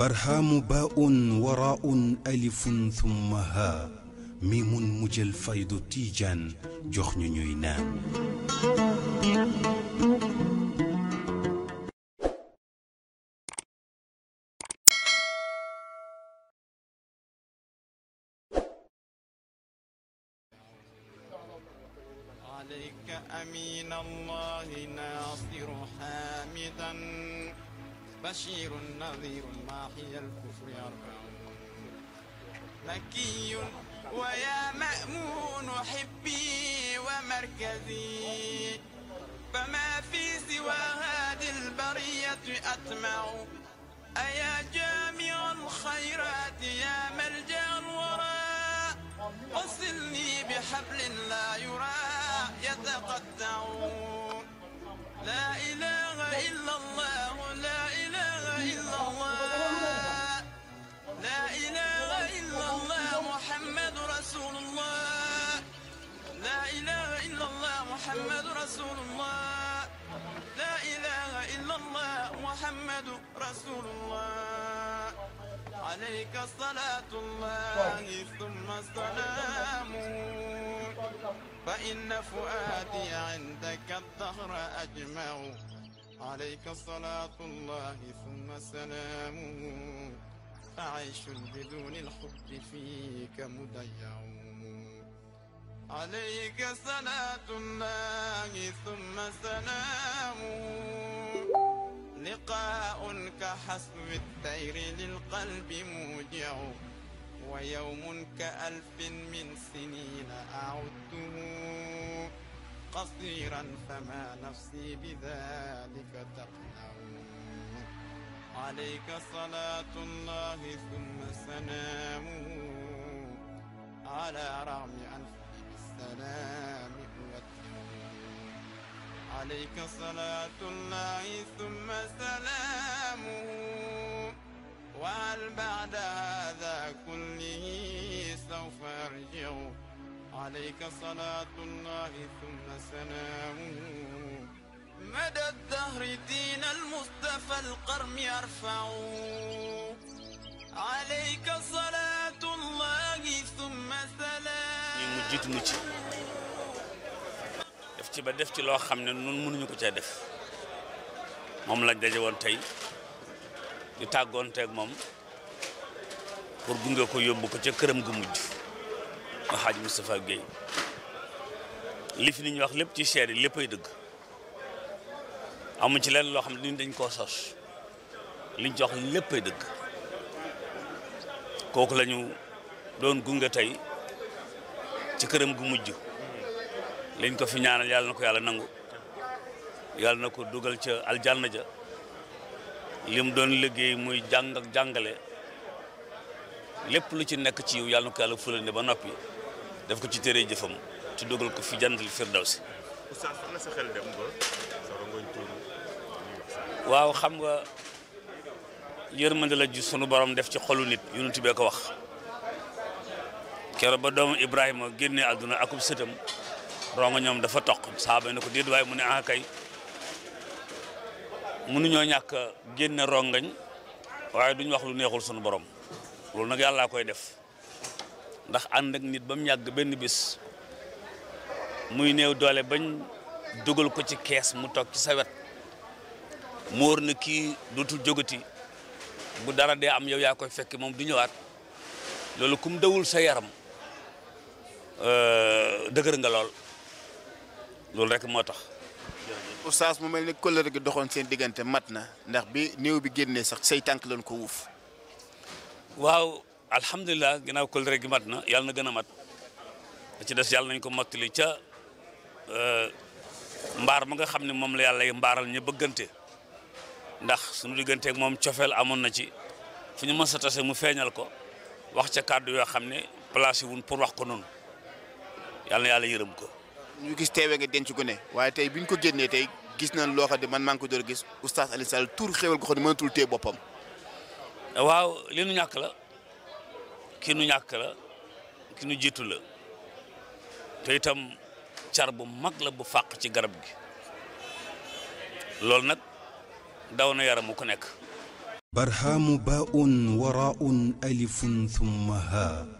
برهام باء وراء ألف ثم هاء ميم مجل تيجان جخن نينان عليك أمين الله ناصر حامدا بشير نظير ماحي الكفر يرفع مكي ويا مأمون حبي ومركزي فما في سوى هذه البرية أتمع أيا جامع الخيرات يا ملجأ الورى وصلني بحبل لا يرى يتقطع لا إله إلا الله لا رسول الله عليك صلاة الله ثم السلام فإن فؤادي عندك الدهر أجمع عليك صلاة الله ثم السلام فعيش بدون الحب فيك مضيع عليك صلاة الله ثم سلامه لقاء كحسب الطير للقلب موجع ويوم كألف من سنين أعدته قصيرا فما نفسي بذلك تقنع عليك صلاة الله ثم سلامه على رغم أنفي بالسلام عليك صلاة الله ثم سلامه وهل بعد هذا كله سوف أرجع عليك صلاة الله ثم سلامه مدى الدهر دين المصطفى القرم يرفعه عليك صلاة الله ثم سلامه ci ba def ci loo xam ne nun mënuñu ko cee def moom lañ daje woon tey di tàggoonteeg moom pour gunge ko yóbbu ko ca këram gu mujj nga xaaj Moustapha Guèye li fi ni ñu wax lépp ci seer yi léppay dëgg amu ci leen loo xam ne ni dañ koo sos liñ jox wax léppay dëgg kooku la ñu doon gunge tey ci këram gu mujj liñ ko fi ñaanal yàlla na ko yàlla nangu yàlla na ko dugal ca aljanna ja lim doon liggéey muy jàng jàngale lépp lu ci nekk ci yiw yàlla na ko yàlla fulal ne ba noppi def ko ci téere jëfam ci dugal ko fi jantal firdawsi waaw xam nga yërmande la ji sunu borom def ci xolu nit yonent bee ko wax keroog ba doomu Ibrahima génnee àdduna akub sëtam rongo ñom dafa toq saaba ne ko déet way mu ne ah kay ñoo ñak genn rongañ waaye duñ wax lu neexul suñu borom lool nak yalla koy def ndax and ak nit bam ñag benn bis muy neew doole bañ duggal ko ci kees mu tok ci sa wet na ki dutu jogati bu dara de am yow ya koy fekk mom du ñewat kum dawul sa yaram euh, dëgër nga lool loolu rekk moo tax. oustaz mu mel ni kóllëre gi doxoon seen diggante mat na ndax bi néew bi génnee sax say tànk lañ ko wuuf. waaw alhamdulilah ginnaaw kóllëre gi mat na yàlla na gën a mat da ci des yàlla nañ ko mottali ca euh, mbaar ma nga xam ne moom la yàlla mbaaral ñu bëggante ndax suñu digganteek moom cofeel amoon na ci fu ñu mës tase mu feeñal ko wax ca kàddu yoo xam ne place yi wuñ pour wax ko noonu yàlla na yàlla yërëm ko. ñu gis teewee nga denc gu ne waaye tey bi ñu ko génnee tey gis nañ loo xam ne man maa ngi ko door gis oustaz Alioune Sall tuur xéwal ko xam ne mënatul téye boppam. waaw li nu ñàkk la ki nu ñàkk la ki nu jiitu la te itam car bu mag la bu fàq ci garab gi loolu nag daw na yaram mu ko nekk. barhaamu baaun waraun alifun thumma haa